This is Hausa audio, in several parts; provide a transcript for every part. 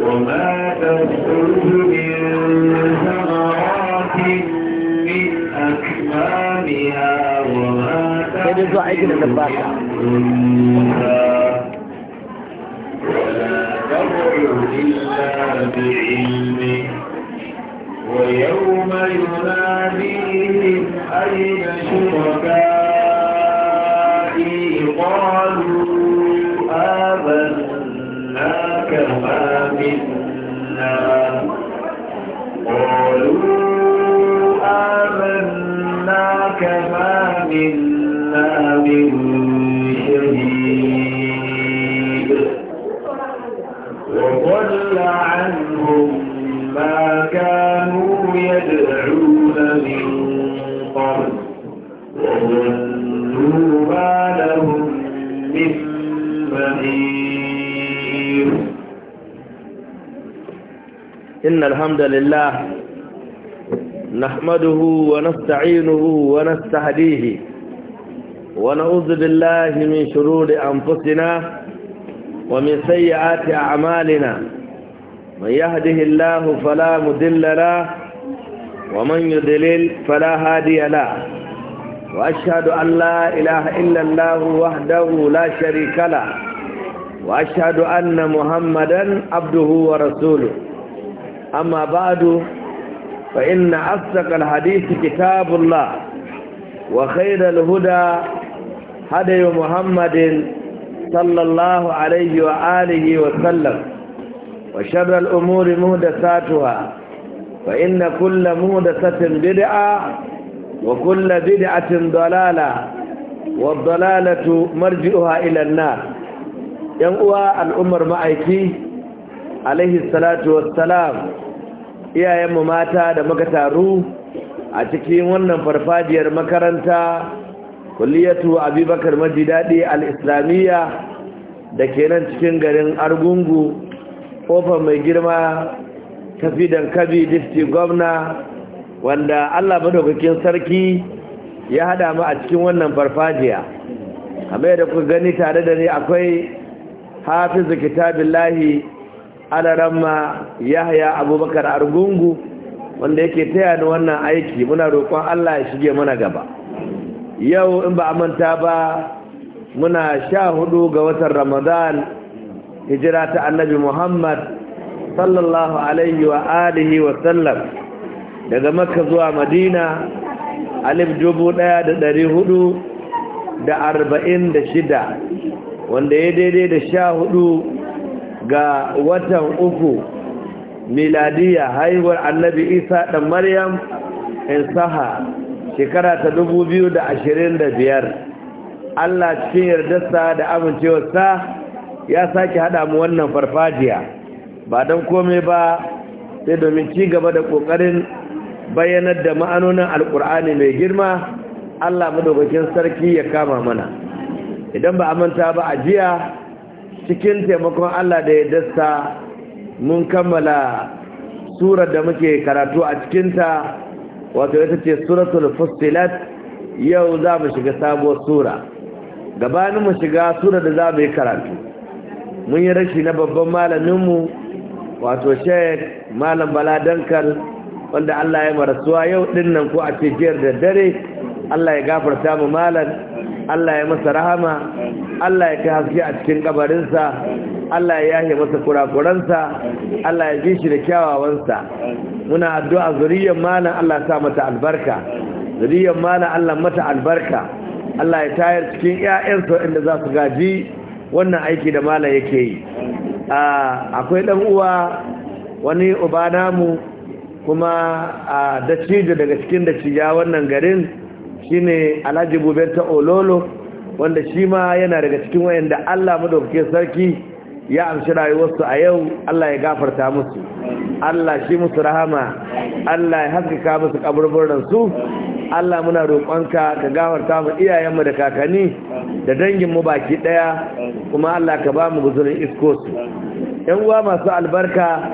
وما تخرج من ثمرات من أكمامها وما تخرج من ولا ترجع إلا بعلمه ويوم يناديهم أين شئت إن الحمد لله نحمده ونستعينه ونستهديه ونعوذ بالله من شرور أنفسنا ومن سيئات أعمالنا من يهده الله فلا مدل له ومن يضلل فلا هادي له وأشهد أن لا إله إلا الله وحده لا شريك له وأشهد أن محمدا عبده ورسوله أما بعد فإن أصدق الحديث كتاب الله وخير الهدى هدي محمد صلى الله عليه وآله وسلم وشر الأمور مهدساتها فإن كل مهدسة بدعة وكل بدعة ضلالة والضلالة مرجئها إلى النار ينقوى الأمر معيكي alaihi salatu wassalam iyayenmu mata da muka taru a cikin wannan farfajiyar makaranta kulliyatu abubakar majidadi al-islamiyya da ke nan cikin garin argungu ƙofar mai girma tafi dankabi district gwamna wanda allah madaukakin sarki ya hada mu a cikin wannan farfajiya mai da ku gani tare da ni akwai hafizu kitabillahi alaramma yahya abubakar argungu wanda yake taya ni wannan aiki muna roƙon allah ya shige mana gaba yau in ba a ba muna sha hudu ga watan ramadan hijira ta annabi muhammad sallallahu alaihi wa alihi wa sallam daga makka zuwa madina alif dubu ɗaya da ɗari hudu da arba'in da shida wanda ya daidai da sha hudu ga watan uku miladiya haihuwar annabi isa da maryam in saha shekara ta dubu biyu da da biyar. allah cikin yardarsa da amincewarsa ya sake haɗa mu wannan farfajiya ba don komai ba sai domin ci gaba da ƙoƙarin bayyanar da ma'anonin alƙur'ani mai girma allah madaukakin sarki ya kama mana idan ba a manta ba a jiya cikin taimakon Allah da ya dasta mun kammala surar da muke karatu a cikinta wato ita ce suratul fustilat yau za mu shiga sabuwar sura gabanin mu shiga sura da za mu yi karatu mun yi rashi na babban malaminmu wato shayar, malam bala dankal wanda Allah ya marasuwa yau dinnan ko a ce jiyar da dare Allah ya gafarta mu malam Allah ya masa rahama Allah ya kai haske a cikin kabarinsa Allah ya yahe masa kurakuransa Allah ya ji shi da kyawawansa muna addu'a zuriyar malam Allah ya sa mata albarka zuriyar malam Allah mata albarka Allah ya tayar cikin ƴaƴansa inda za su gaji wannan aiki da malam yake yi akwai dan uwa wani uba namu kuma a dace daga cikin ciya wannan garin shine alhaji buben ta ololo wanda shi ma yana daga cikin wayanda allah madaukakin sarki ya amshi rayuwarsu a yau allah ya gafarta musu allah shi musu rahama allah ya haskaka musu kaburburansu allah muna roƙonka ka gafarta mu iyayenmu da kakanni da danginmu baki ɗaya kuma allah ka ba mu guzurin iskosu yan uwa masu albarka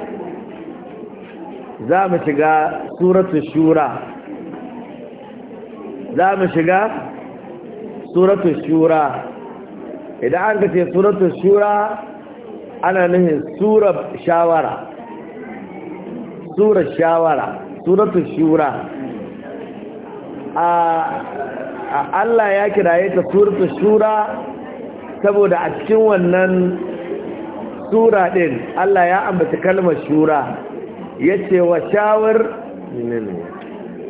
za mu shiga suratun shura za mu shiga suratul shura idan an kace suratul shura ana nufin surar shawara surar shawara suratul shura a Allah ya kiraye ta suratul shura saboda a cikin wannan sura din Allah ya ambata kalmar shura yace wa shawar ne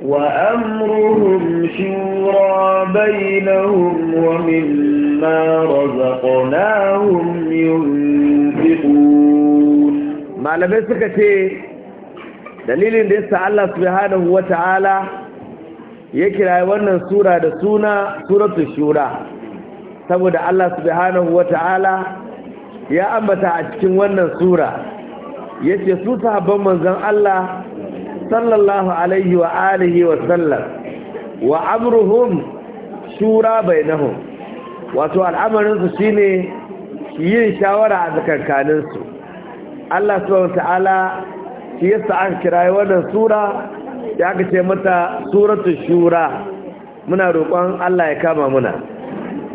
وأمرهم شورى بينهم ومما رزقناهم ينفقون malamai suka ce dalilin da ya yasa Allah subhanahu wata'ala ya kirayi wannan sura da suna suratul shura saboda Allah subhanahu wata'ala ya ambata a cikin wannan sura ya yace su sahabban manzon Allah sallallahu alaihi wa alihi wa sallam wa amruhum shura bainahum wato al'amarin su shine yin shawara a tsakankanin su Allah subhanahu ta'ala shi yasa aka kirayi wannan sura ya kace mata suratul shura muna roƙon Allah ya kama muna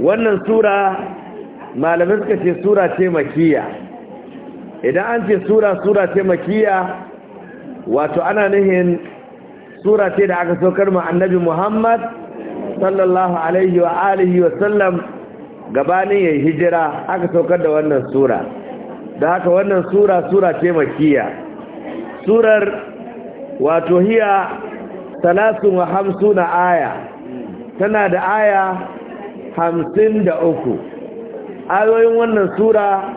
wannan sura malamai suka ce sura ce idan an ce sura sura ce wato ana nihin sura ce da aka saukar ma annabi Muhammad sallallahu alaihi wa alihi wa sallam gabanin yayin hijira aka saukar da wannan sura da haka wannan sura sura ce makiya surar wato hiya wa na aya tana da aya hamsin da uku. ayoyin wannan sura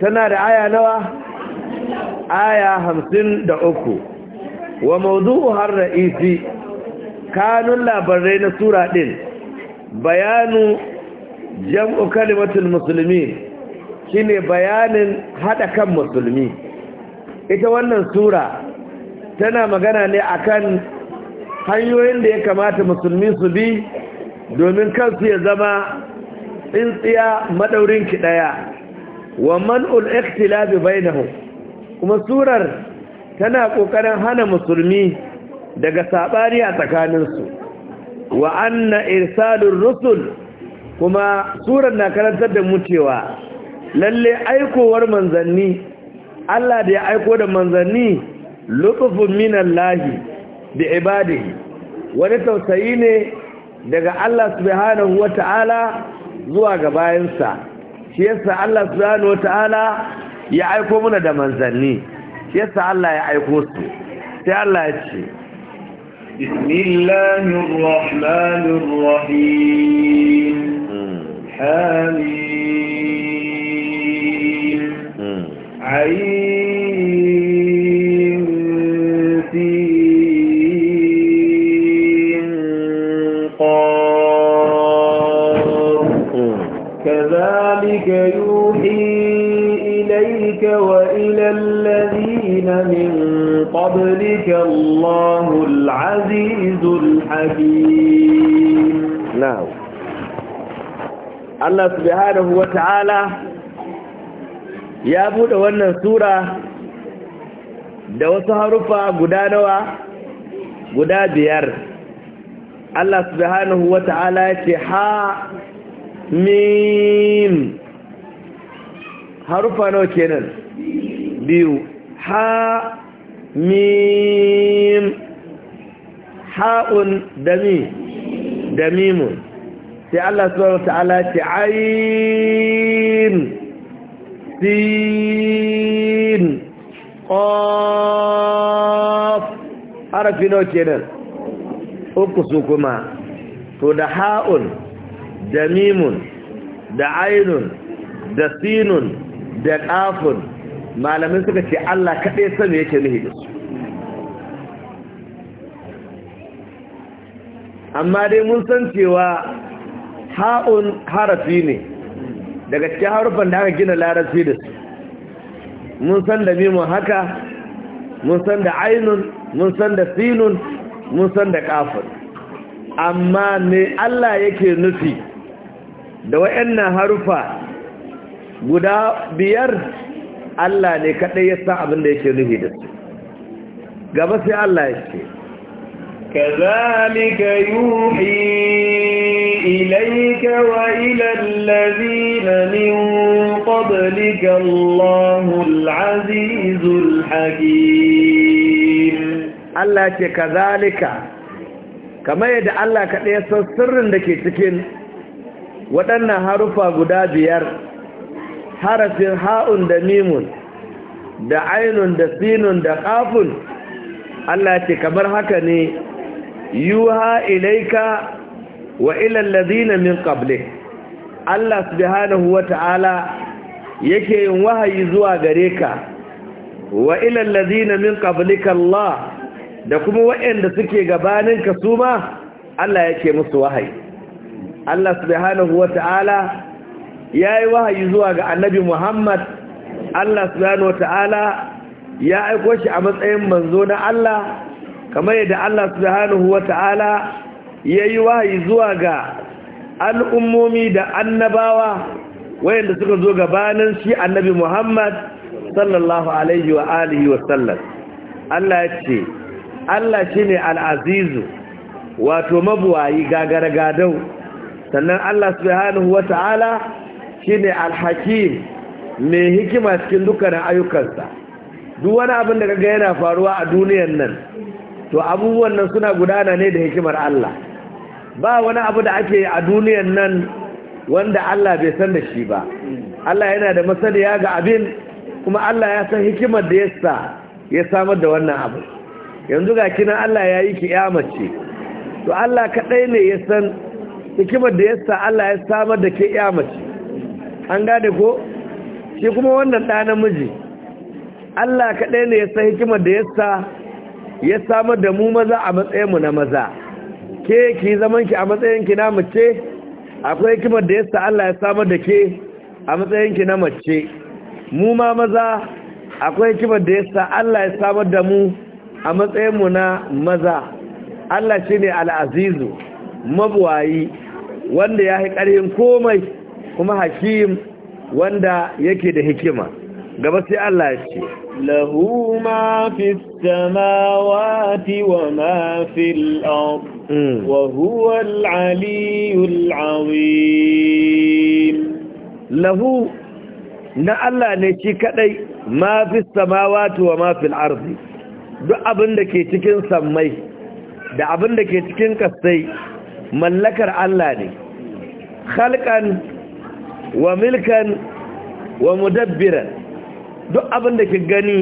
tana da aya nawa aya hamsin da uku wa maudu'u har ra'isi kanun labarai na sura ɗin bayanu jam'u kalimatul musulmi shine bayanin haɗa kan musulmi ita wannan sura tana magana ne akan hanyoyin da ya kamata musulmi su bi domin kansu ya zama tsintsiya maɗaurinki ɗaya wa man'ul ikhtilafi bainahu kuma surar tana ƙoƙarin hana musulmi daga saɓari a tsakaninsu wa anna irsalur rusul kuma surar na karantar da mu cewa lalle aikowar manzanni Allah da ya aiko da manzanni minan minallahi da ibadihi wani tausayi ne daga Allah subhanahu wata'ala zuwa ga bayansa shi yasa Allah subhanahu wata'ala ya aiko muna da manzanni yasa Allah ya aiko su sai Allah ya ce bismillahir rahmanir rahim hamim hmm. وإلى الذين من قبلك الله العزيز الحكيم نعم الله سبحانه وتعالى ya buɗe wannan sura da wasu harufa guda nawa guda biyar Allah subhanahu wa ta'ala ya ce ha min harufa nawa kenan biyu ha mim ha'un dami damimun sai Allah subhanahu wata'ala ce ayin sin qaf harafi nawa kenan uku su kuma to da ha'un da mimun da ainun da sinun da ƙafun malamin suka ce Allah kaɗai sami yake nuhi da su amma dai mun san cewa ha'un harafi ne daga cikin harufan da aka gina larafi da su mun san da mimun haka mun san da ainun mun san da sinun mun san da kafin amma me Allah yake nufi da wa'annan harufa guda biyar Allah ne kaɗai ya san abin da yake nufi da su gaba sai Allah ya ce ka zalika yuhi ilayka wa ila allazina min qablika Allahul azizul hakim Allah ce ka zalika kamar yadda Allah kaɗai ya san sirrin da ke cikin waɗannan harufa guda biyar harafin ha'un da mimun da ainun da sinun da ƙafun Allah ce kamar haka ne yuha ilaika wa ilal ladina min qablik Allah subhanahu wa ta'ala yake yin wahayi zuwa gare ka wa ilal ladina min qablika Allah da kuma waɗanda suke ka su ma Allah yake musu wahayi Allah subhanahu wa ta'ala ya yi wahayi zuwa ga annabi Muhammad Allah subhanahu wata'ala ya aiko shi a matsayin manzo na Allah kamar yadda Allah subhanahu wata'ala ya yi wahayi zuwa ga al'ummomi da annabawa wayanda suka zo gabanin shi annabi Muhammad sallallahu alaihi wa alihi wa sallar Allah ya ce Allah shine ne al'azizu wato mabuwayi gagara gadau sannan Allah subhanahu wata'ala shine alhakim mai hikima cikin dukkanin ayyukansa duk wani abin da ga yana faruwa a duniyar nan to abubuwan nan suna gudana ne da hikimar Allah ba wani abu da ake a duniyar nan wanda Allah bai san da shi ba Allah yana da masaniya ga abin kuma Allah ya san hikimar da yasa ya samar da wannan abu yanzu ga kina Allah ya yi kiyamace to Allah kadai ne ya san hikimar da yasa Allah ya samar da kiyamace an gane ko shi kuma wannan ɗa namiji Allah kaɗai ne ya san hikimar da yasa ya samar da mu maza a matsayinmu na maza ke ki zaman ki a matsayin ki na mace akwai hikimar da yasa Allah ya samar da ke a matsayin ki na mace mu ma maza akwai hikimar da yasa Allah ya samar da mu a matsayinmu na maza Allah shi ne al'azizu mabuwayi wanda ya yi ƙarfin komai kuma hakim wanda yake da hikima gaba sai Allah ya ce lahu ma fi samawati wa ma fi ard mm. wa huwa al azim lahu na Allah ne shi kadai ma fi samawati wa ma fi ard duk abin da ke cikin sammai da abin da ke cikin kasai mallakar Allah ne khalqan wa milkan wa mudabbiran duk abin da ke gani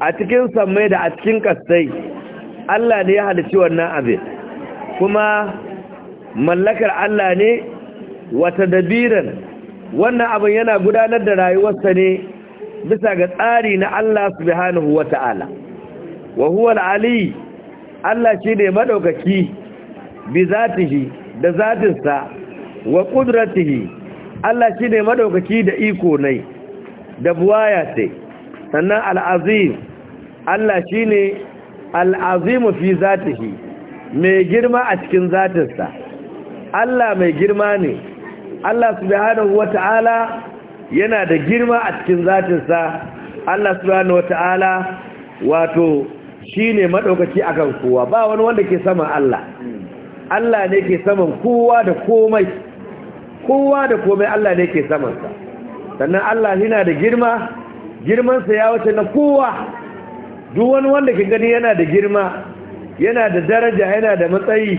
a cikin samai da a cikin kastai Allah ne ya halici wannan abin kuma mallakar Allah ne wata dabiran wannan abin yana gudanar da rayuwarsa ne bisa ga tsari na Allah subhanahu wa ta'ala wa huwa al-ali Allah shi ne madaukaki bi zatihi da zatinsa wa qudratihi Allah shi ne madaukaki da iko nai da buwaya ce sannan al'azim Allah shi ne al'azimu fi zatihi mai girma a cikin zatinsa Allah mai girma ne Allah subhanahu wata'ala yana da girma a cikin zatinsa Allah subhanahu wata'ala wato shi ne maɗaukaki akan kowa ba wani wanda ke saman Allah Allah ne ke saman kowa da komai kowa da komai Allah ne ke samansa sannan Allah yana da girma girmansa ya wuce na kowa duk wani wanda ke gani yana da girma yana da daraja yana da matsayi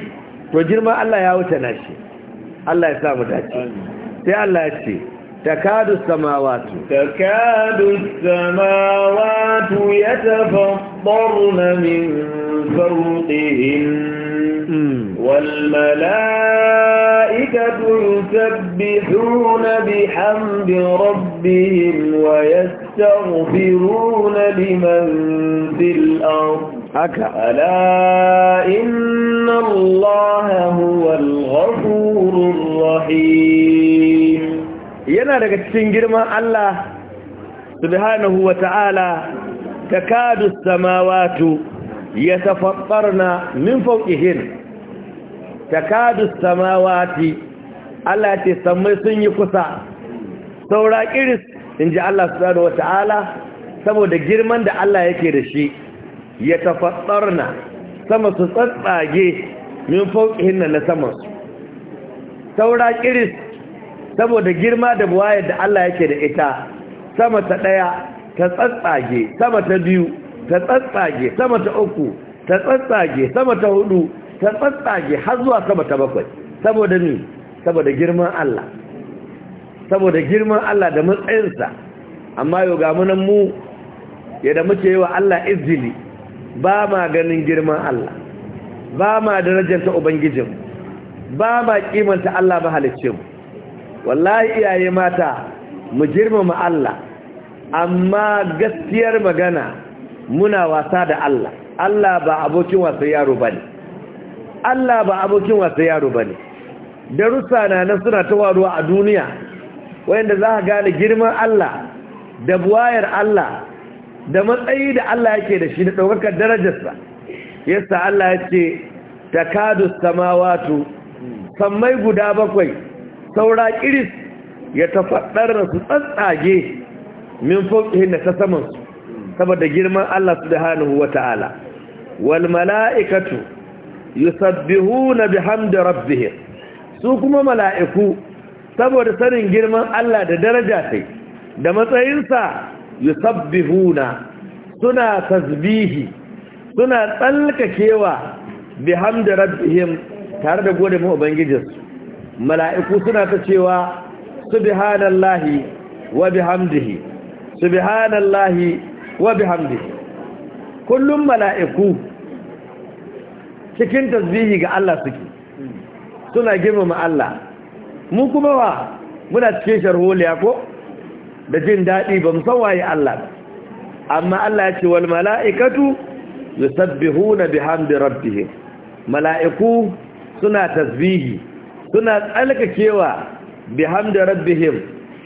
to girma Allah ya wuce na shi Allah ya samu dace sai Allah ya ce تكاد السماوات تكاد السماوات يتفطرن من فوقهن والملائكة يسبحون بحمد ربهم ويستغفرون لمن في الأرض أكا. ألا إن الله هو الغفور الرحيم yana daga cikin girman Allah subhanahu wa ta'ala takadu samawatu yatafattarna min fawqihin takadu samawati Allah ce samai sun yi kusa saura in inji Allah subhanahu wa ta'ala saboda girman da Allah yake da shi yatafattarna sama su tsatsage min fawqihin na samansu saura iris saboda girma da buwayar da Allah yake da ita sama ta ɗaya ta tsatsage sama ta biyu ta tsatsage sama ta uku ta tsatsage sama ta hudu ta tsatsage har zuwa sama ta bakwai saboda ni saboda girman Allah saboda girman Allah da matsayinsa amma yau ga munan mu ya da muke yi wa Allah izini ba ma ganin girman Allah ba ma darajarta ubangijinmu ba ma kimanta Allah mahaliccinmu wallahi iyaye mata mu girmama Allah amma gaskiyar magana muna wasa da Allah Allah ba abokin wasa yaro bane Allah ba abokin wasa yaro bane darussa na nan suna tawaruwa a duniya wayanda za ka gane girman Allah da buwayar Allah da matsayi da Allah yake da shi da daukar darajarsa yasa Allah ya ce takadu samawatu sammai guda bakwai saura kiris ya tafaddar da su tsantsage min da ta saman su saboda girman Allah su da subhanahu wata'ala wal mala'ikatu yusabbihuna bihamdi rabbihim su kuma mala'iku saboda sanin girman Allah da daraja sai da matsayinsa na suna tasbihi suna tsalkakewa bihamdi rabbihim tare da gode ma’ubangijinsu ubangijinsu mala'iku suna ta cewa subhanallahi wa bihamdihi subhanallahi wa bihamdihi kullum mala'iku cikin tasbihi ga Allah suke suna girmama Allah mu kuma wa muna cikin sharholiya ko da jin daɗi ba san waye Allah amma Allah ya ce wal mala'ikatu yusabbihuna bihamdi rabbihim mala'iku suna tasbihi suna tsalkakewa bihamda rabbihim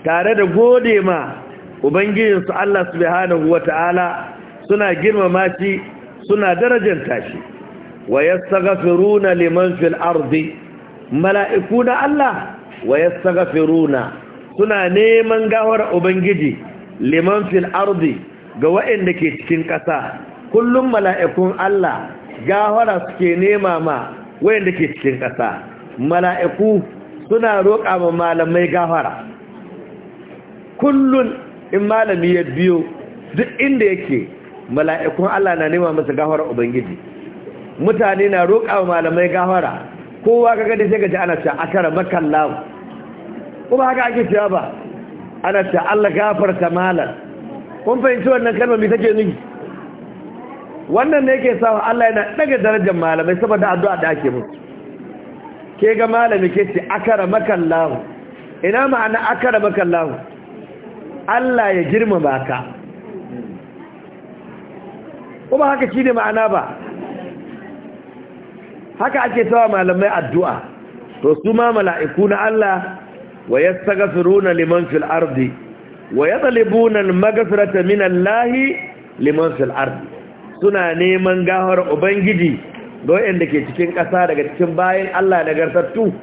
tare da gode ma ubangijinsu Allah subhanahu wata'ala suna girmama shi suna darajanta shi wa yastaghfiruna liman fil ardi mala'iku na Allah wa yastaghfiruna suna neman gawar ubangiji liman fil ardi ga waanda ke cikin ƙasa kullum mala'ikun Allah gawara suke nema ma waɗanda ke cikin ƙasa mala'iku suna roƙa ma malamai gafara kullun in malami ya biyo duk inda yake mala'ikun Allah na nema masa gafara ubangiji mutane na roƙa ma malamai gafara kowa ka gani sai ka ana cewa akara makallahu kuma haka ake cewa ba ana cewa Allah gafarta malar. kun fahimci wannan kalmar mai take nufi wannan ne yake sa Allah yana daga darajar malamai saboda addu'a da ake musu ke ga malami ke ce akara makallahu ina ma'ana akara makallahu Allah ya girmama ka kuma haka shi ne ma'ana ba haka ake sawa malamai addu'a to su ma mala'iku na Allah wa ya tagafiruna liman fil ardi wa ya talibuna magafirata min lahi liman fil arzi suna neman gahar ubangiji doyen da ke cikin ƙasa daga cikin bayan Allah da gartattu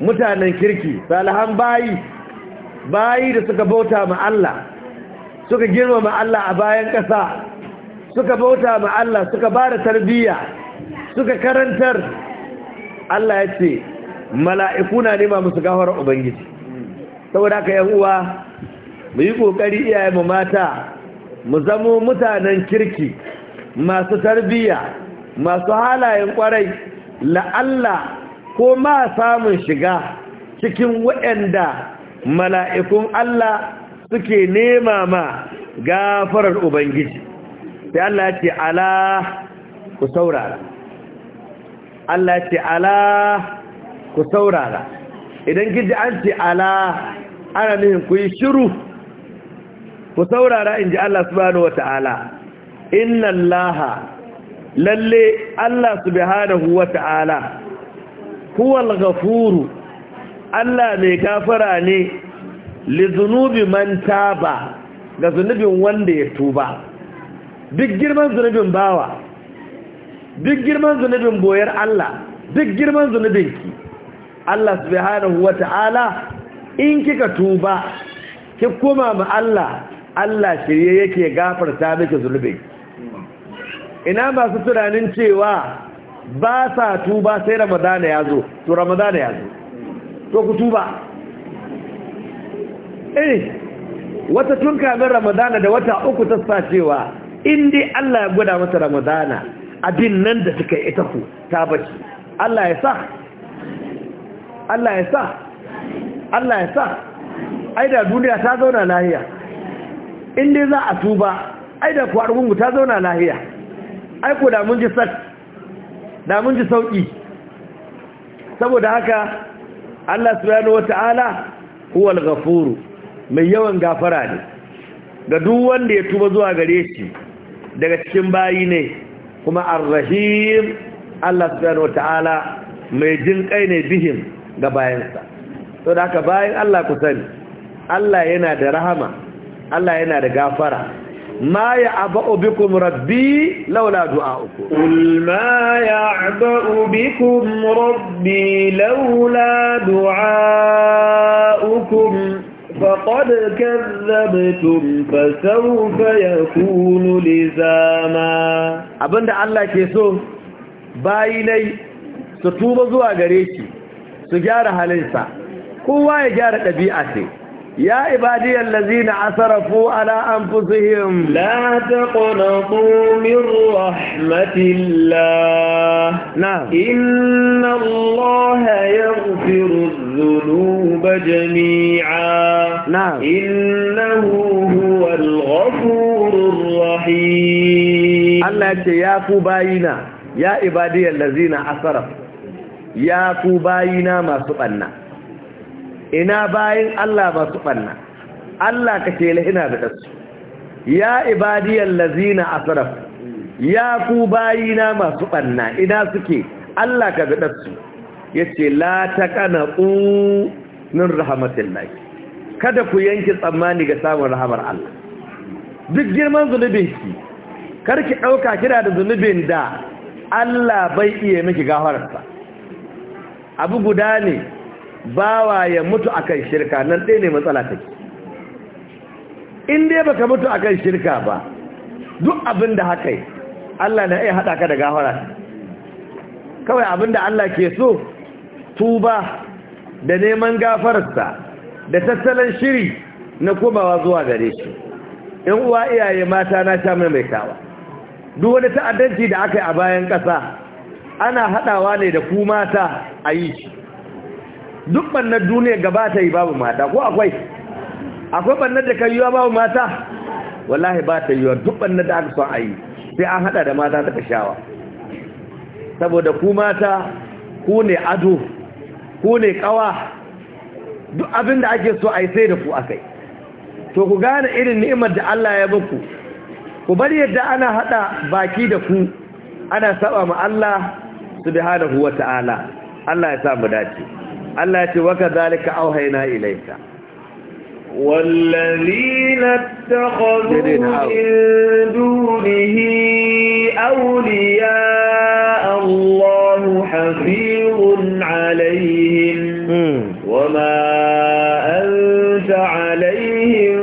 mutanen kirki Salahan bayi bayi da suka bauta ma Allah suka girmama Allah a bayan ƙasa suka bauta ma Allah suka ba da tarbiyya suka karantar Allah ya ce mala'ikuna ne nema musu gawar ubangiji saboda haka yan uwa mu yi ƙoƙari iyaye mu mata mu zamo mutanen kirki masu tarbiyya masu halayen kwarai la'alla ko ma samun shiga cikin waɗanda mala'ikun Allah suke nema ma gafarar Ubangiji sai Allah ce ala ku saurara Allah ce ala ku saurara idan gidi an ce ala ana nuhin ku yi shiru ku saurara in ji Allah subhanahu wa ta'ala inna lalle Allah subhanahu wa ta'ala huwal gafuru Allah mai gafara ne li zunubi man taba ga zunubin wanda ya tuba duk girman zunubin bawa duk girman zunubin boyar Allah duk girman zunubin ki, Allah subhanahu wa ta'ala in kika tuba ki koma ma Allah Allah shirye yake gafarta miki zunubinki ina masu tunanin cewa ba sa tuba sai ramadana ya zo to ramadana ya zo to ku tuba eh wata tun kamar ramadana da wata uku ta sa cewa indi Allah ya gwada mata ramadana abin nan da suka yi ita ku ta bace Allah ya sa Allah ya sa Allah ya sa ai da duniya ta zauna lahiya indai za a tuba ai da kwargungu ta zauna lahiya Aiko da mun ji sak da mun ji sauki saboda haka Allah subhanahu wata'ala huwal ghafur mai yawan gafara ne ga duk wanda ya tuba zuwa gare shi daga cikin bayi ne kuma ar-rahim Allah subhanahu wata'ala mai jin kai ne bihim ga bayansa to haka bayan Allah ku sani Allah yana da rahama Allah yana da gafara ما يعبأ بكم ربي لولا دعاؤكم rabbi ما يعبأ بكم ربي لولا دعاؤكم فقد كذبتم فسوف يكون لزاما abinda Allah ke so bayinai su tuba zuwa gare shi su gyara halinsa kowa ya gyara ɗabi'a sai يا عبادي الذين عصرفوا على أنفسهم لا تقنطوا من رحمة الله نعم إن الله يغفر الذنوب جميعا نعم إنه هو الغفور الرحيم الله يا كوباينا يا عبادي الذين عصرفوا يا كوباينا ما سبنا ina bayin Allah masu ɓanna Allah ka tela ina da ɗansu ya ibadiyar lazina a saraf ya ku bayina masu ɓanna ina suke Allah ka ga ɗansu ya ce la ta ƙana ƙunin rahamatin laki kada ku yanki tsammani ga samun rahamar Allah duk girman zunubin ki, karki ɗauka kira da zunubin da Allah bai iya miki gafararsa abu guda ne bawa ya mutu akan shirka nan ɗaya ne matsala take in dai baka mutu akan shirka ba duk abin da haka yi Allah na iya haɗa ka da gafara kawai abin da Allah ke so tuba da neman gafararsa da tattalin shiri na komawa zuwa gare shi in uwa iyaye mata na sha mai kawa, duk wani ta'addanci da aka yi a bayan ƙasa ana haɗawa ne da ku mata a yi shi duk bannar duniya gaba ta yi babu mata ko akwai akwai bannar da kan yiwa babu mata wallahi ba ta yiwa duk bannar da aka son a yi sai an hada da mata ta kashawa saboda ku mata ku ne ado ku ne kawa duk abin da ake so a yi sai da ku akai to ku gane irin ni'imar da Allah ya baku ku bari yadda ana hada baki da ku ana saba ma Allah subhanahu ta'ala Allah ya sa mu dace التي وكذلك أوهينا إليك والذين اتخذوا من دونه أولياء الله حفيظ عليهم وما أنت عليهم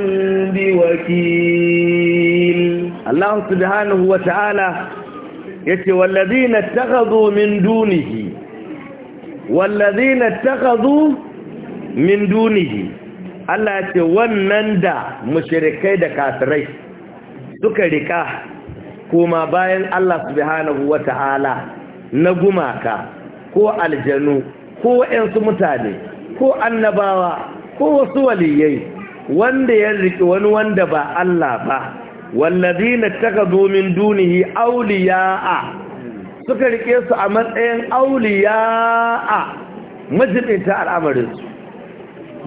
بوكيل الله سبحانه وتعالى يتي والذين اتخذوا من دونه wallazina takazu min dunihi Allah ya ce wannan da mushrikai da kafirai suka rika kuma bayan Allah subhanahu wata'ala na gumaka ko aljanu ko ƴansu mutane ko annabawa ko wasu waliyai wanda ya riki wani wanda ba Allah ba wallazina takazu min dunihi awliya'a suka rike su a matsayin auliya a al'amarin al'amarinsu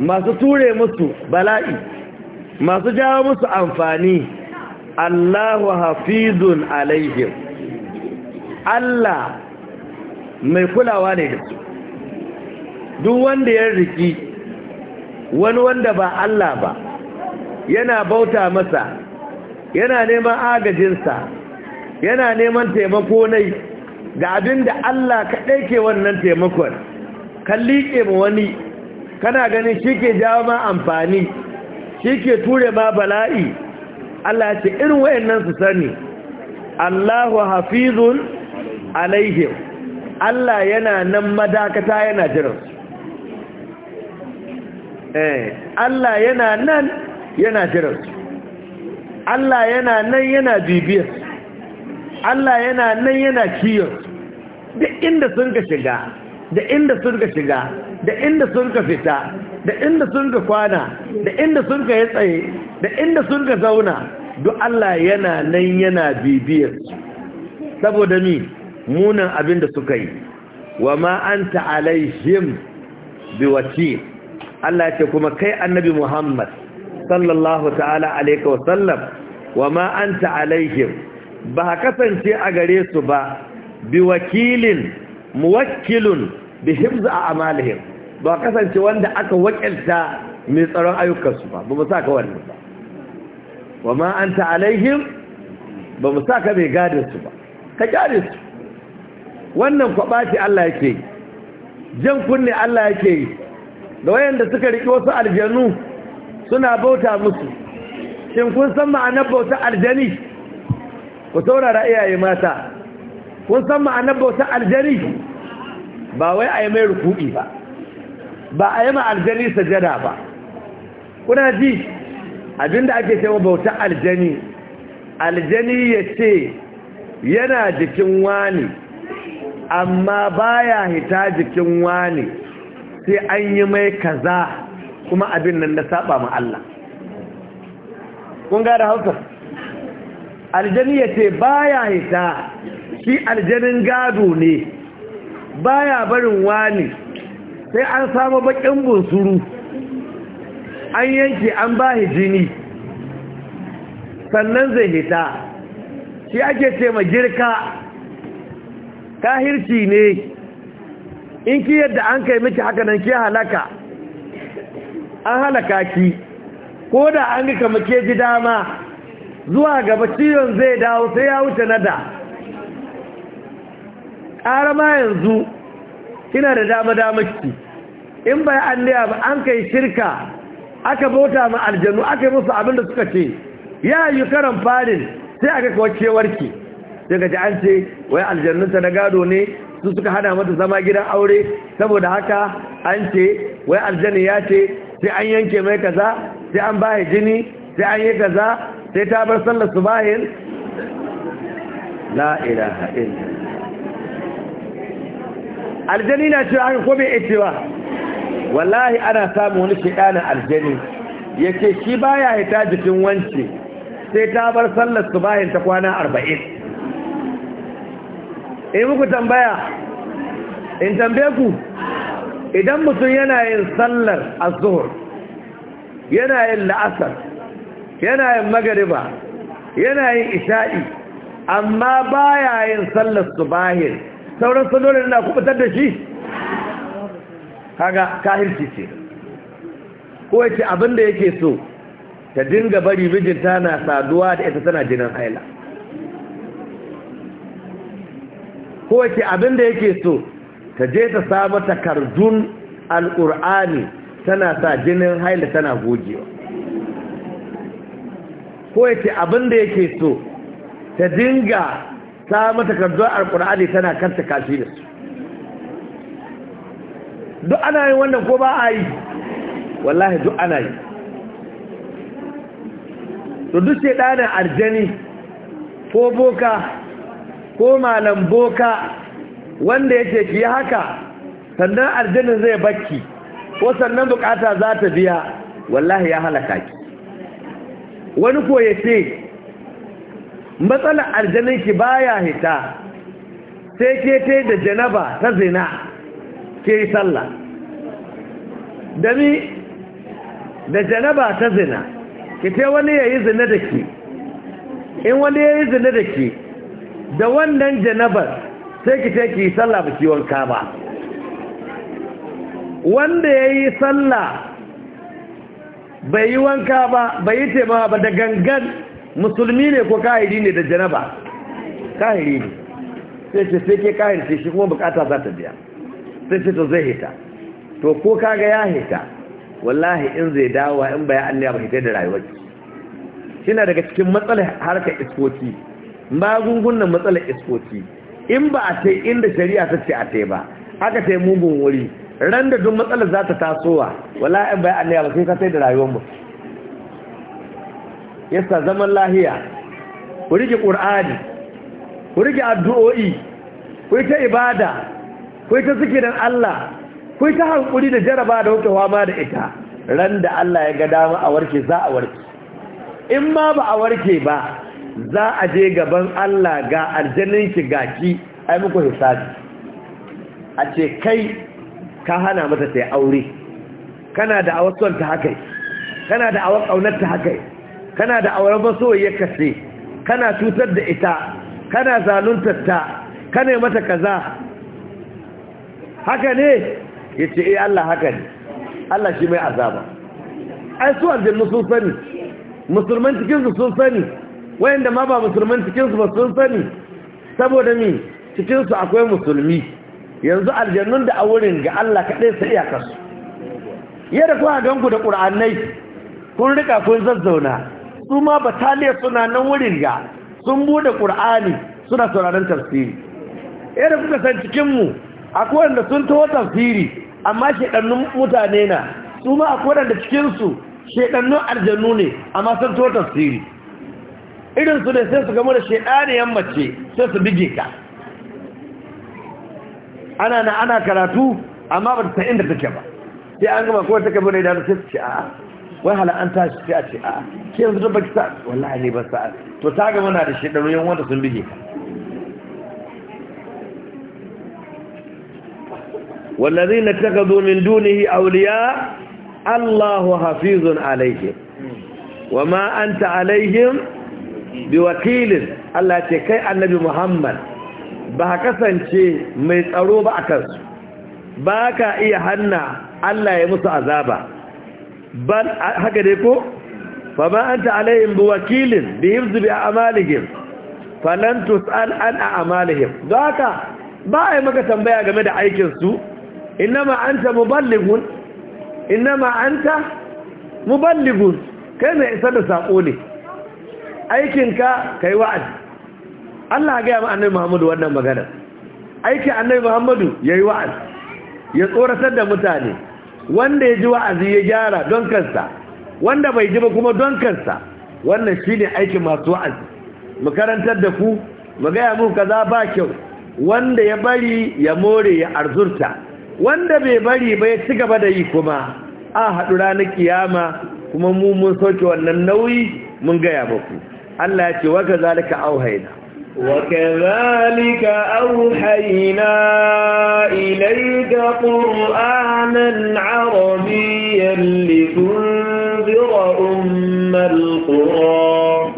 masu ture musu bala'i masu jawo musu amfani Allahu hafizun alaihim Allah mai kulawa ne da su duk wanda ya riki wani wanda ba Allah ba yana bauta masa yana neman agajinsa yana neman taimako nai ga abin da Allah ka ke wannan taimakon kan liƙe ma wani kana ganin shi ke jawo ma amfani shi ke ture ma bala'i Allah ya ce irin nan su sani Allahu hafizun alaihim Allah yana nan madakata yana jiran eh Allah yana nan yana jiran Allah yana nan yana bibiyar Allah yana nan yana kiyar da inda sun ka shiga da inda sun ka shiga da inda sun ka fita da inda sun ka kwana da inda sun ka tsaye da inda sun ka zauna duk Allah yana nan yana bibiyar saboda mi munan abin da suka yi wa ma an anta bi wace Allah ce kuma kai annabi Muhammad sallallahu ta'ala alaika wa sallam wa ma anta alaihim ba kasance a gare su ba bi wakilin muwakilun bi himza a amalihim ba kasance wanda aka wakilta mai tsaron ayyukansu ba ba mu sa ka wannan ba wa ma anta alaihim ba mu sa ka mai gadin su ba ka kyale su wannan kwaɓaci Allah yake yi jan kunne Allah yake yi da wayanda suka riƙe wasu aljanu suna bauta musu shin kun san ma'anar bautar aljani ku saurara iyaye mata kun san ma'anar bautar aljari ba wai a yi mai rukuɗi ba ba a yi ma aljani sajada ba kuna ji abinda ake cewa bautar aljani aljani ya ce yana jikin wani amma baya hita jikin wani sai an yi mai kaza kuma abin nan da saba ma Allah kun ga da hausar aljani ya ce baya hita shi aljanin gado ne baya barin wani sai an samu bakin bunsuru an yanke an bahi jini sannan zai hita shi ake ce ma girka tahirci ne in ki yadda an kai miki haka nan ke halaka an halaka ki ko da an gika muke ke ji dama zuwa gaba ciwon zai dawo sai ya wuce na da ƙara ma yanzu kina da dama dama ki in bai an ba an kai shirka aka bauta ma aljanu aka yi musu abinda suka ce ya yi karan fadin sai aka cewar ki daga ji an ce wai aljannunta na gado ne su suka hana mata zama gidan aure saboda haka an ce wai aljanni ya ce sai an yanke mai kaza sai an baya jini sai an yi kaza sai ta bar sallar subahin bayan ilaha aljani na cewa haka ko bai ba wallahi ana samu wani shedanin aljani yake shi baya haita jikin wance sai ta bar sallar subahin ta kwana arba'in in eh, muku tambaya in tambaye ku idan mutum yana yin sallar azuhur yana yin la'asar yana yin magariba yana yin isha'i amma baya yin sallar su bahir sauran sallolin na kubutar da shi kaga kahirci ce ko yace abinda yake so ta dinga bari mijinta na saduwa da ita tana jinin haila ko abinda abinda yake so ta je ta samu takardun al’ur'ani tana sa jinin haila tana gogewa ko ya ce abin da yake so ta dinga ta mata alkur'ani tana kanta kashi da su duk ana yi wannan ko ba a yi wallahi duk ana yi to duk ce ɗanin arjani ko boka ko malam boka wanda yake ki haka sannan arjanin zai bakki ko sannan bukata za ta biya wallahi ya halaka ki wani ko ya ce matsalar aljanin ki baya hita sai ke te da janaba ta zina ke yi sallah dami da janaba ta zina ki te wani ya yi zina da ki in wani ya yi zina da ki da wannan janabar sai ki te ki yi sallah ba ki wanka ba wanda ya yi sallah bai yi wanka ba bai yi taimawa ba da gangan musulmi ne ko kahiri ne da janaba kahiri ne sai ce sai ke kahiri sai shi kuma bukata za ta biya sai ce to zai hita to ko kaga ya hita wallahi in zai dawowa in bai an ya ba hita da rayuwar shi na daga cikin matsalar harkar iskoci magungunan matsalar iskoci in ba a ce inda shari'a ta ce a ce ba aka sai mugun wuri ran da duk matsalar za ta tasowa wala in bai an ba sai ka sai da rayuwar mu yasa zaman lahiya ku rike qur'ani ku rike addu'o'i ku ta ibada ku ta zikirin Allah ku ta hankuri da jaraba da hutawa ma da ita ran da Allah ya ga dama a warke za a warke in ma ba a warke ba za a je gaban Allah ga aljanninki gaki ai muku hisabi a ce kai ka hana mata ta yi aure kana da awar son ta haka kana da awar ƙaunar ta haka kana da awar masoyiyar ka ce kana cutar da ita kana zaluntar ta kana mata kaza haka ne ya ce eh Allah haka ne Allah shi mai azaba ai su aljannu sun sani musulman cikinsu sun sani wayanda ma ba musulman cikinsu ba sun sani saboda mi cikinsu akwai musulmi yanzu aljannun da a wurin ga Allah kaɗai kasu iyakarsu yadda kuwa ganku da ƙura'annai kun rika kun zazzauna su ma bataliya suna nan wurin ga sun bude ƙura'ani suna sauraron tafsiri yadda kuka san cikinmu a akwai da sun taho tafsiri amma shaɗannun mutane na su ma akwai da cikinsu shaɗannun aljannu ne amma sun taho tafsiri irinsu ne sai su gama da shaɗaniyan mace sai su bige ka ana na ana karatu amma ba ta inda take ba sai an gama ko take bude da sai ce a wai hala an tashi sai a ce a'a ke yanzu da baki sa wallahi ne ba sa to ta ga muna da shedaru yan wanda sun bige والذين اتخذوا من دونه أولياء الله حفيظ عليهم وما أنت عليهم biwakilin Allah ce kai annabi Muhammad ba kasance mai tsaro ba a kansu ba ka iya hanna Allah ya musu azaba ba haka dai ko fa ma anta alaihim biwakilin bihimz bi amalihim lan tus'al an a'malihim Ba ba a yi maka tambaya game da aikin su innama anta muballighun innama anta muballighun kai mai isa da sako ne aikinka kai wa'azi Allah ga yamma annabi Muhammadu wannan magana aiki annabi Muhammadu yayi wa'azi ya tsoratar da mutane wanda ya ji wa'azi ya gyara don kansa wanda bai ji ba kuma don kansa wannan shine aikin masu wa'azi mu karantar da ku mu gaya mu kaza ba kyau wanda ya bari ya more ya arzurta wanda bai bari ba ya ci gaba da yi kuma a haɗu ranar kiyama kuma mu mun soke wannan nauyi mun gaya ku Allah ya ce wa kazalika auhaina. وكذلك أوحينا إليك قرآنا عربيا لتنذر أم القرى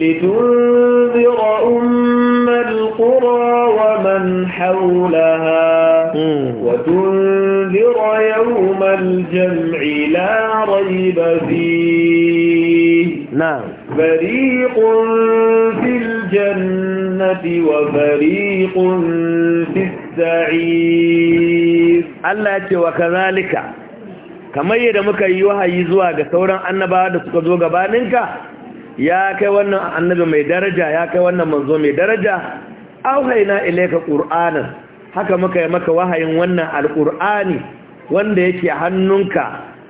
لتنذر أم القرى ومن حولها وتنذر يوم الجمع لا ريب فيه نعم فريق في الجنة وفريق في السعير الله يتي وكذلك kamar yadda muka yi wahayi zuwa ga sauran annabawa da suka zo gabaninka ya kai wannan annabi mai daraja ya kai wannan manzo mai daraja auhaina ilayka qur'anan haka muka yi maka wahayin wannan alqur'ani wanda yake hannunka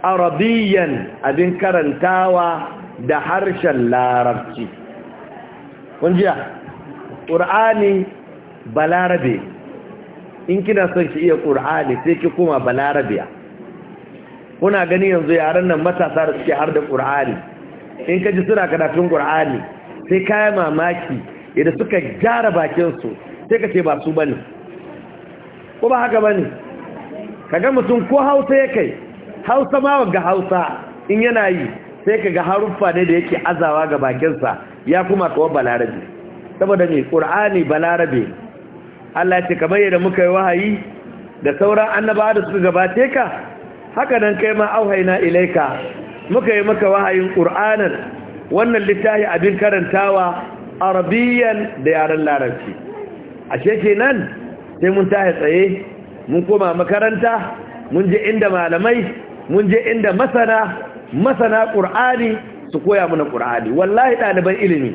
arabiyan abin karantawa da harshen larabci kun jiya ƙur'ani balarabe in kina son ki iya ƙur'ani sai ki kuma balarabiya kuna gani yanzu yaren nan matasa da suke har da ƙur'ani in ka ji suna karatun ƙur'ani sai kaya mamaki idan suka gyara bakinsu sai ka ce ba su ba ne ko ba haka ba ne ka ga mutum ko hausa ya kai hausa ma ga hausa in yana yi sai ka ga haruffa ne da yake azawa ga bakinsa ya kuma kawo balarabe saboda mai ƙur'ani balarabe Allah ce kamar yadda muka yi wahayi da sauran annaba da suka gabace ka haka nan kai ma auhaina ilaika muka yi maka wahayin ƙur'anin wannan littafi abin karantawa arabiyan da yaran larabci sheke nan sai mun tahi tsaye mun koma makaranta mun je inda malamai mun je inda masana masana ƙur'ani su koya mana ƙur'ani wallahi ɗaliban ilimi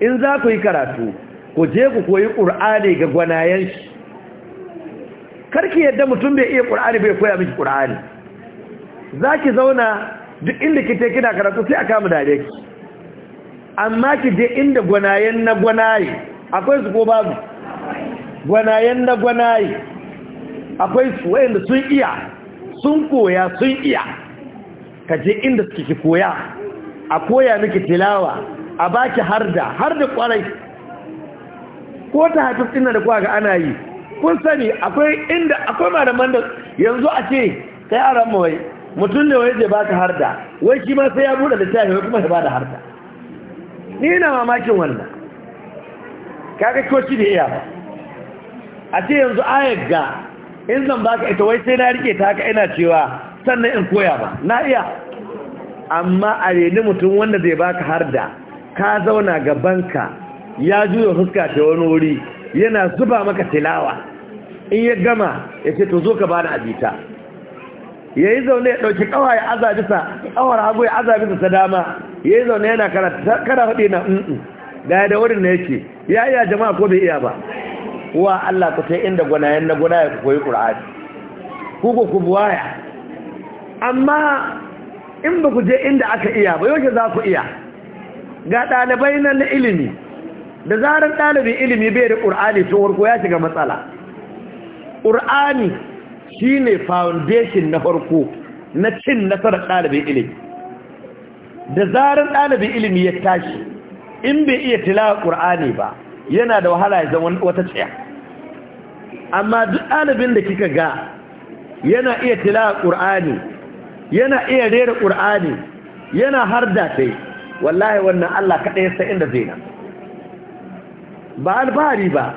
in za ku yi karatu ku je ku koyi ƙur'ani ga gwanayen shi karki yadda mutum bai iya ƙur'ani bai koya miki ƙur'ani za ki zauna duk inda kite kina karatu sai a kama dare ki amma ki je inda gwanayen na gwanaye akwai su ko babu gwanayen na gwanaye akwai su wayanda sun iya sun koya sun iya ka je inda suke ki koya a koya miki tilawa a baki harda harda kwarai ko ta hafiz tsina da kwa ga ana yi kun sani akwai inda akwai malaman da yanzu a ce sai aran mawai mutum ne wai zai baka harda wai shi ma sai ya buɗe littafi wai kuma ya bada harda ni na mamakin wannan kaga ko shi da iya ba a ce yanzu ayar ga in zan baka ita wai sai na rike ta haka ina cewa sannan in koya ba na iya amma a reni mutum wanda zai baka har da ka zauna gabanka ya juya fuska ta wani wuri yana zuba maka tilawa in ya gama ya ce to zo ka bani abita ya yi zaune ya ɗauki ƙawa ya ƙawar hagu ya azabisa ta dama ya yi zaune yana kara haɗe na ɗin mm, mm. da ya da wurin na yake ya iya jama'a ko bai iya ba wa Allah ku ta inda gwanayen na gwanayen ku koyi ƙura'ani ku ku ku buwaya amma in ba ku je inda aka iya ba yaushe za ku iya ga ɗalibai nan na ilimi da zarar ɗalibin ilimi bai da ƙur'ani to warko ya shiga matsala ƙur'ani shi ne foundation na farko na cin nasarar ɗalibin ilimi da zarar ɗalibin ilimi ya tashi in bai iya tilawa ƙur'ani ba yana da wahala ya zama wata tsaya amma duk ɗalibin da kika ga yana iya tilawa ƙur'ani yana iya rera ƙur'ani yana har da ta wallahi wannan Allah kaɗai sa inda zai na ba alfahari ba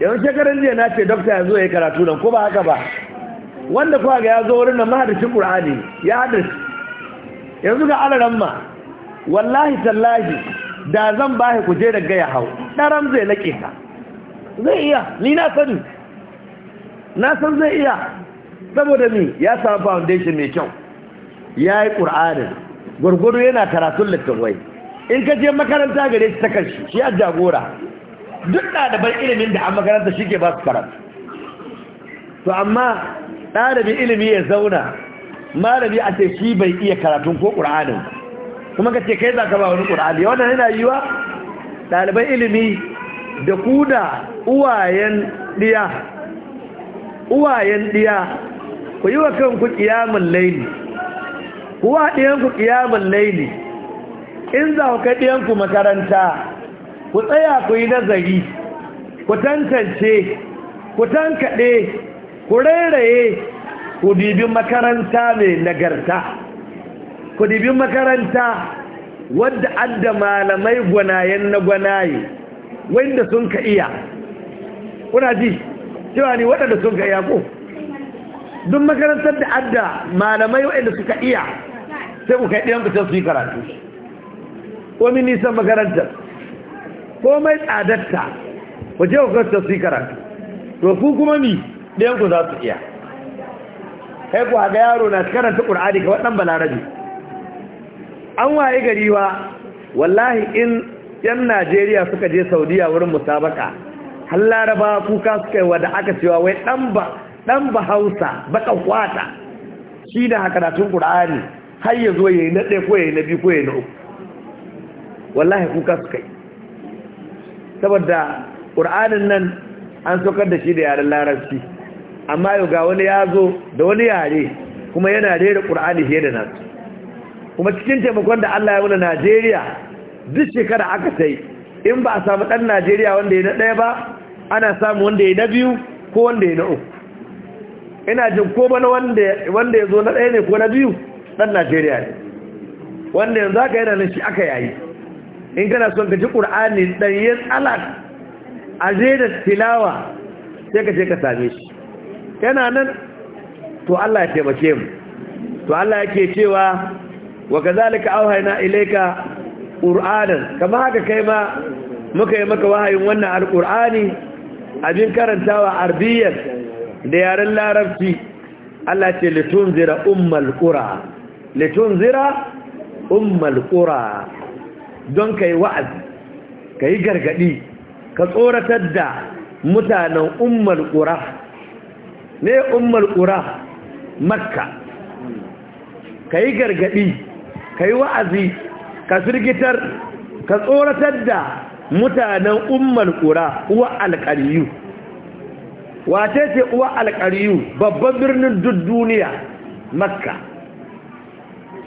yawon shekarun jiya na ce dokta ya zo ya yi karatu nan ko ba haka ba wanda kuwa ga ya zo wurin nan mahadashin ƙur'ani ya hadasi yanzu ga alaran ma wallahi tallahi da zan ba shi kuje da gaya hau ɗaran zai laƙe ta zai iya ni na sani na san zai iya saboda ni ya samu foundation mai kyau ya yi ƙur'anin gwargwado yana karatun littattafai in ka je makaranta gare shi ta karshe shi ya jagora duk ɗaliban ilimin da an makaranta shi ke ba su karatu to amma ɗalibin ilimi ya zauna malami a ce shi bai iya karatun ko ƙur'anin kuma ka ce kai za ka ba wani ƙur'ani wannan yana yi wa ɗaliban ilimi da ku da uwayen ɗiya uwayen ɗiya ku yi wa kanku ƙiyamun laini. kuwa ɗiyanku ƙiyamun laili in za ku ka ɗiyanku makaranta ku tsaya ku yi nazari ku tantance ku tankaɗe ku rairaye ku dibi makaranta mai nagarta ku dibi makaranta wadda adda malamai gwanayen na gwanaye wanda sun ka iya kuna ji cewa ne waɗanda sun ka iya ko duk makarantar da adda malamai waɗanda suka iya sai ku kai ɗiyan kusan su yi karatu komi nisan makarantar komai tsadatta ku je ku kasta su yi karatu to ku kuma ni ɗiyan ku za su iya kai ku haka yaro na karanta ƙur'ani ka waɗan balarabi an waye gari wa wallahi in yan najeriya suka je saudiya wurin musabaka har laraba kuka suka yi wa da aka cewa wai ɗan ba hausa baka kwata shi da karatun ƙura'ani har ya zo ya yi na ɗaya ko ya yi na biyu ko ya yi na uku wallahi kuka su kai saboda ƙur'anin nan an saukar da shi da yaren larabci amma yau ga wani ya zo da wani yare kuma yana rera ƙur'ani fiye da nasu kuma cikin taimakon da Allah ya wuna Najeriya duk shekara aka sai in ba a samu ɗan Najeriya wanda ya na ɗaya ba ana samu wanda ya na biyu ko wanda ya na uku ina jin ko bana wanda ya zo na ɗaya ne ko na biyu dan Najeriya ne wanda yanzu haka yana nan shi aka yayi in kana son ka ji Qur'ani dan yin alat aje da tilawa sai ka je ka same shi yana nan to Allah ya taimake mu to Allah yake cewa wa kazalika auhayna ilayka qur'anan kama haka kai ma muka yi maka wahayin wannan alqur'ani abin karantawa arabiyyan da yaren larabci Allah ce litunzira ummal qura letun zira ummal qura don kai wa'azi kai gargadi ka tsoratar da mutanen ummal qura ne ummal qura makka kai gargadi kai wa'azi ka firgitar ka tsoratar da mutanen ummal qura uwa alqariyu wace ce uwa alƙariyu babban birnin duk duniya makka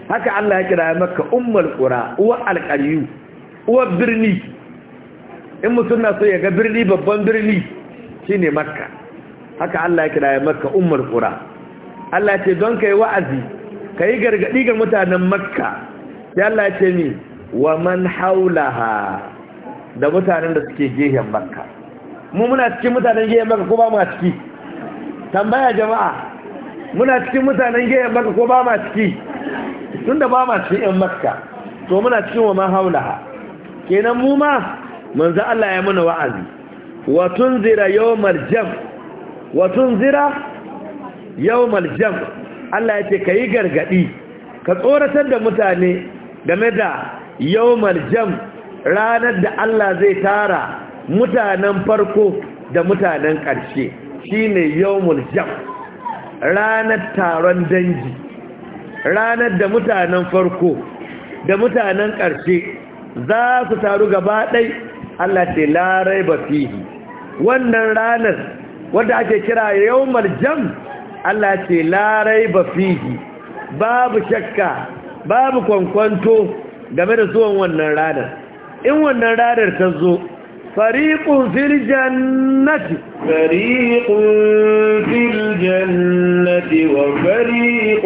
haka Allah ya kira maka ummul qura wa alqariyu wa birni in mutum na so ya ga birni babban birni shine makka haka Allah ya kira maka ummul qura Allah ce don kai wa'azi kai gargadi ga mutanen makka sai Allah ce ni wa man haulaha da mutanen da suke gehen makka mu muna cikin mutanen gehen makka ko ba mu ciki tambaya jama'a muna cikin mutanen gehen makka ko ba mu ciki tunda ba ma cikin yan makka to muna cikin wa ma haulaha kenan mu ma manzo Allah ya muna wa'azi wa tunzira yawmal jam wa tunzira yawmal jam Allah ya ce kai gargadi ka tsoratar da mutane game da yawmal jam ranar da Allah zai tara mutanen farko da mutanen ƙarshe shine yawmul jam ranar taron dangi ranar da mutanen farko da mutanen ƙarshe za su taru gaba ɗai Allah ce larai ba fihi wannan ranar wadda ake kira yawmar jam Allah ce larai ba fihi babu shakka babu kwankwanto game da zuwan wannan ranar in wannan ranar ta zo فريق في الجنة فريق في الجنة وفريق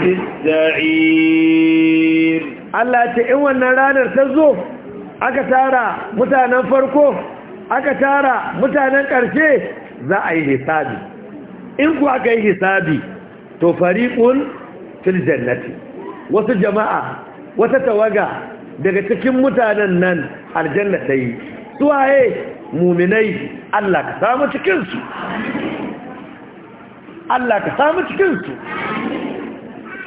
في السعير الله تعوى النرانر تزوف أكتارا متانا فرقوف أكتارا متانا كرشي ذا أي حسابي إنكو أكي حسابي تو فريق في الجنة وسجماعة وتتوقع daga cikin mutanen nan aljanna ta yi suwaye muminai Allah ka samu cikinsu Allah ka samu cikinsu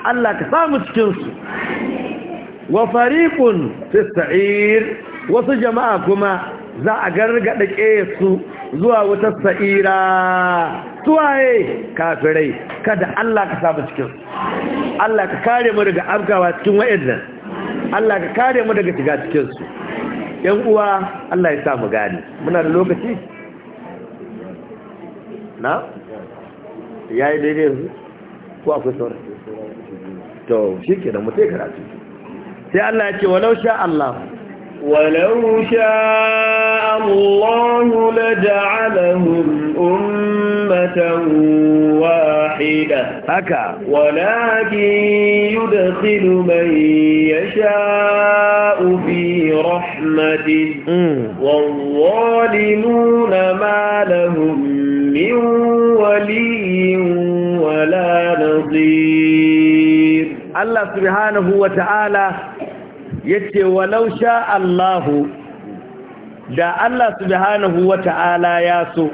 Allah ka samu cikinsu wa fariqun fi sa'ir wasu jama'a kuma za a gargada su zuwa wata sa'ira suwaye kafirai kada Allah ka samu cikinsu Allah ka kare mu daga afgawa cikin wa'annan Allah ka kare mu daga shiga cikinsu yan uwa Allah ya sa mu gane muna da lokaci na ya yi daidai yanzu ko akwai sauran to shi shikenan mu sai karatu sai Allah ya ce walau sha Allah ولو شاء الله لجعلهم أمة واحدة هكا ولكن يدخل من يشاء في رحمته والظالمون ما لهم من ولي ولا نظير الله سبحانه وتعالى yace walau sha Allahu da Allah subhanahu wata'ala ya so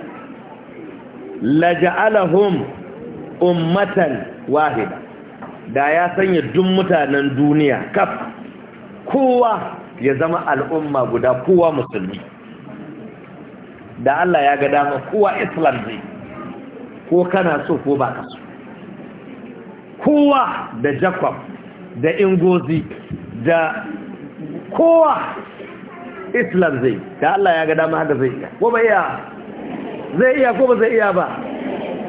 laja'alahum ummatan wahida da ya sanya duk mutanen duniya kaf kowa ya zama al'umma guda kowa musulmi da Allah ya ga dama kowa islam zai ko kana so ko ba ka so kowa da jacob da ingozi da kowa islam zai da Allah ya ga dama haka zai iya ko ba iya zai iya ko ba zai iya ba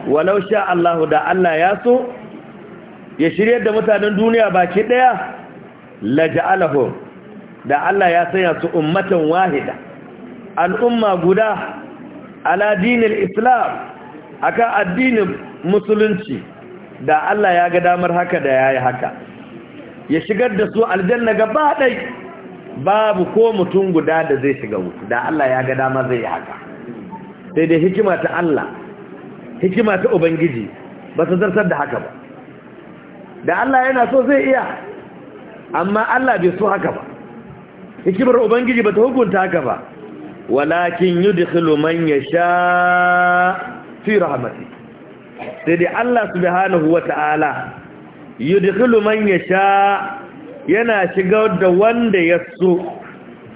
walau sha Allah da Allah ya so ya shiryar da mutanen duniya baki daya laja'alahum da Allah ya sanya su ummatan wahida al'umma guda ala dinil islam aka addinin musulunci da Allah ya ga damar haka da yayi haka ya shigar da su aljanna gaba ɗai babu ko mutum guda da zai shiga wuta da Allah ya ga dama zai yi haka sai dai hikima ta Allah hikima ta Ubangiji ba su zartar da haka ba da Allah yana so zai iya amma Allah bai so haka ba hikimar Ubangiji ba ta hukunta haka ba walakin yudkhilu man yasha fi rahmatih sai dai Allah subhanahu wata'ala yudkhilu man yasha yana shigar da wanda ya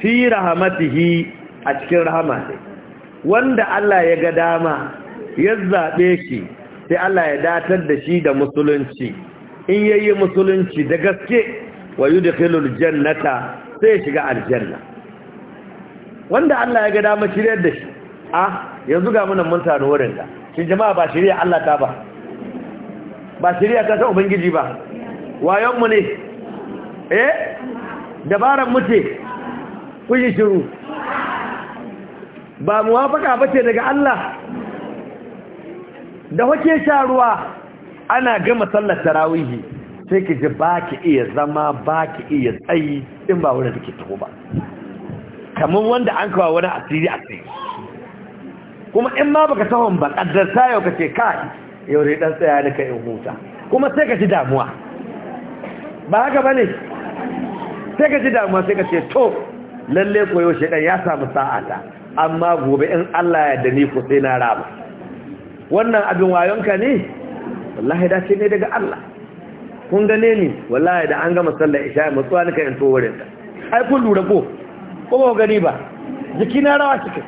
fi rahmatihi a cikin rahmatai. wanda Allah ya ga dama ya zaɓe shi sai Allah ya datar da shi da musulunci in yayi musulunci da gaske wa yudkhilul jannata sai shiga aljanna wanda Allah ya ga dama shiryar da shi a ah, yanzu ga munan mun tano wurin da shi jama'a ba shirya Allah ta ba ba shirya ta san ubangiji ba mu ne eh dabaran mu ce kuyi shiru ba muwafaka ba ce daga Allah da wace sha ruwa ana gama sallar tarawihi sai ki ji ba ki iya zama ba ki iya tsayi in ba wurin da ba kamar wanda an kawo wani asiri asiri kuma in ma baka tahon ba ƙaddar sayo ka kai yau da ɗan tsaya da in huta kuma sai ka ji damuwa ba haka ba ne sai ka ji damuwa sai ka ce to lalle koyo shaidan ya samu sa'ata amma gobe in Allah ya ni ko sai na raba wannan abin wayonka ne wallahi dace ne daga Allah kun gane ni wallahi da an gama sallar isha ya matsuwa ni in to wurin ai kun lura ko ko ba gani ba jiki na rawa kike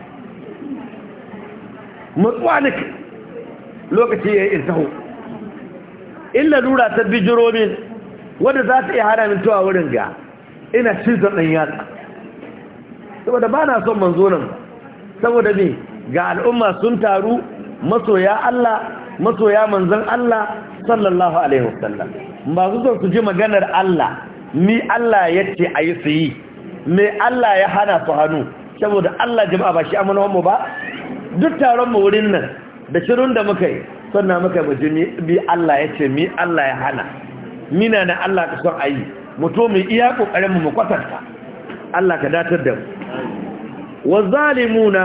matsuwa ni nika lokaci ya yi isahu illa lura ta bijiro min wadda za ta iya hana min tuwa wurin ga ina cizon ɗan yatsa saboda ba na son manzo nan saboda me ga al'umma sun taru masoya Allah masoya manzan Allah sallallahu alaihi wasallam ba su son su ji maganar Allah ni Allah ya ce a yi su yi me Allah ya hana su hannu saboda Allah jama'a ba shi amina mu ba duk taron mu wurin nan da shirun da muka yi sannan muka yi bi Allah ya ce mi Allah ya hana mina na Allah ka son ayi mutu mu iya kokarin mu kwatanta Allah ka datar da mu Wa zalimuna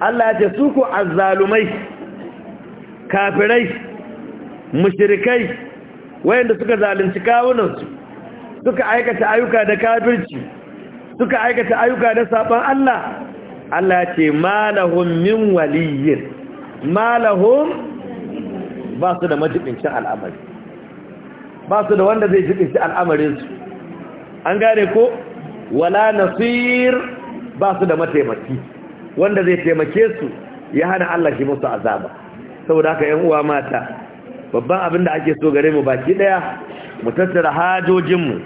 Allah ya ce su ku azzalumai kafirai mushrikai wayanda suka zalunci kawunan su, suka aikata ayyuka da kafirci suka aikata ayyuka da saban Allah Allah ya ce malahum min waliyyin malahum ba su da majibincin al'amari ba su da wanda zai jibinci al'amarinsu an gane ko wala nasir ba su da mataimaki wanda zai taimake su ya hana Allah shi musu azaba saboda haka yan uwa mata babban abin da ake so gare mu baki daya mu tattara hajojin mu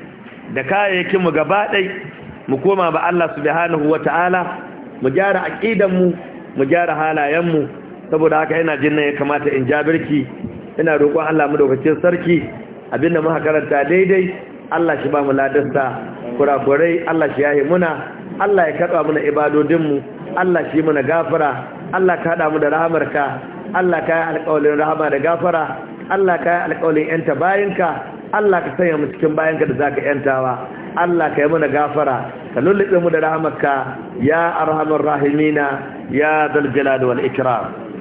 da kayayyakin mu gaba mu koma ba Allah subhanahu wataala mu gyara aqidan mu mu gyara halayen mu saboda haka yana jin nan ya kamata in ja birki ina roƙon Allah madaukakin sarki abinda muka karanta daidai Allah shi ba mu ladarsa kurakurai Allah shi yi muna Allah ya karba mana ibadodin mu Allah shi muna gafara Allah ka hada mu da rahamarka Allah ka yi alƙawarin rahama da gafara Allah ka yi alƙawarin yanta bayanka Allah ka sanya mu cikin bayanka da zaka yantawa Allah ka yi muna gafara ka lullube mu da rahamarka ya arhamar rahimina ya dal jalal wal ikram